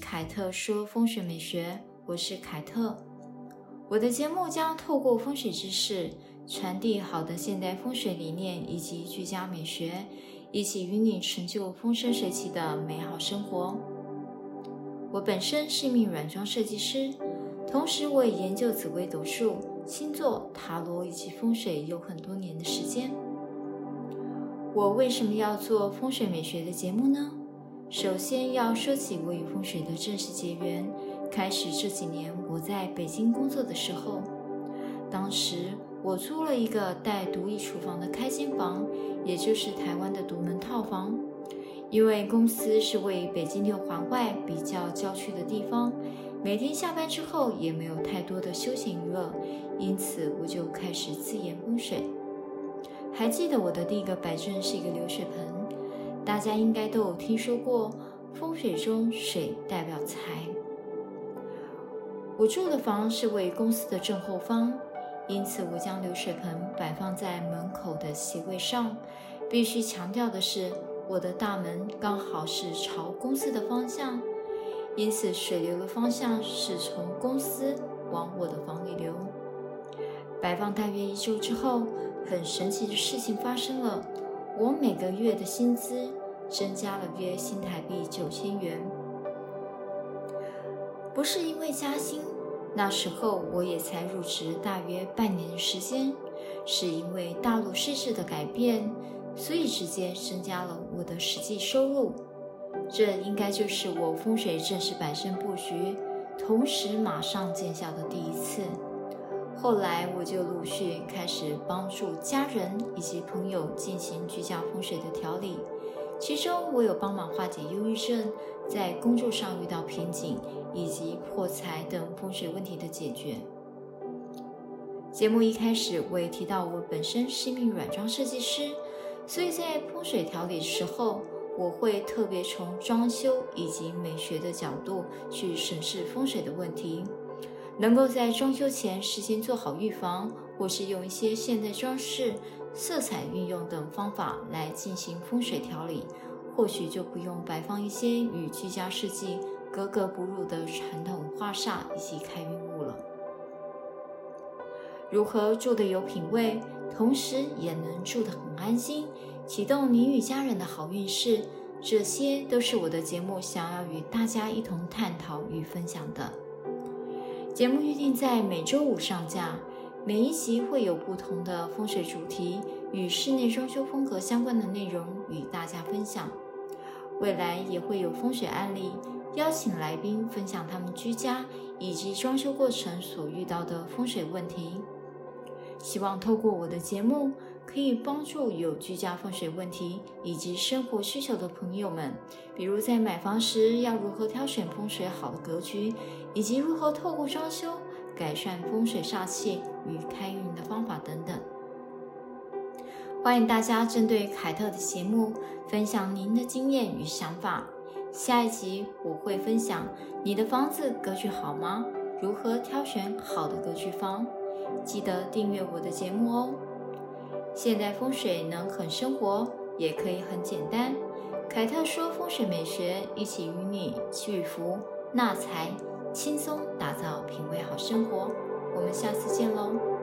凱特說：“風水美學，我是凱特。我的節目將透過風水知識，傳遞好的現代風水理念以及居家美學，一起與你成就風生水起的美好生活。我本身是一名軟裝設計師，同時我也研究紫微斗數、星座、塔羅以及風水，有很多年的時間。我為什麼要做風水美學的節目呢？”首先要說起我與風水的正式結緣，開始這幾年我在北京工作的時候，當時我租了一個帶獨立廚房的開間房，也就是台灣的獨門套房。因為公司是位於北京六環外比較郊區的地方，每天下班之後也沒有太多的休閒娛樂，因此我就開始自研風水。還記得我的第一個擺件是一個流水盆。大家應該都有聽說過，風水中水代表財。我住的房是位於公司的正後方，因此我將流水盆擺放在門口的鞋櫃上。必須強調的是，我的大門剛好是朝公司的方向，因此水流的方向是從公司往我的房裡流。擺放大約一周之後，很神奇的事情發生了。我每個月的薪資增加了約新台幣九千元，不是因為加薪，那時候我也才入職大約半年的時間，是因為大陸稅制的改變，所以直接增加了我的實際收入。這應該就是我風水正式擺正布局，同時馬上見效的第一次。後來我就陸續開始幫助家人以及朋友進行居家風水的調理，其中我有幫忙化解憂鬱症，在工作上遇到瓶頸以及破財等風水問題的解決。節目一開始我也提到我本身是一名軟裝設計師，所以在風水調理的時候，我會特別從裝修以及美學的角度去審視風水的問題。能夠在裝修前事先做好預防，或是用一些現代裝飾、色彩運用等方法來進行風水調理，或許就不用擺放一些與居家設計格格不入的傳統化煞以及開運物了。如何住得有品味，同時也能住得很安心，啟動您與家人的好運勢，這些都是我的節目想要與大家一同探討與分享的。節目預定在每周五上架，每一集會有不同的風水主題，與室內裝修風格相關的內容與大家分享。未來也會有風水案例，邀請來賓分享他們居家以及裝修過程所遇到的風水問題。希望透過我的節目，可以幫助有居家風水問題以及生活需求的朋友們，比如在買房時要如何挑選風水好的格局，以及如何透過裝修改善風水煞氣與開運的方法等等。歡迎大家針對凱特的節目分享您的經驗與想法。下一集我會分享你的房子格局好嗎？如何挑選好的格局房？記得訂閱我的節目哦。現代風水能很生活，也可以很簡單。凱特說：“風水美學，一起與你聚福納財，輕鬆打造品味好生活。”我們下次見嘍。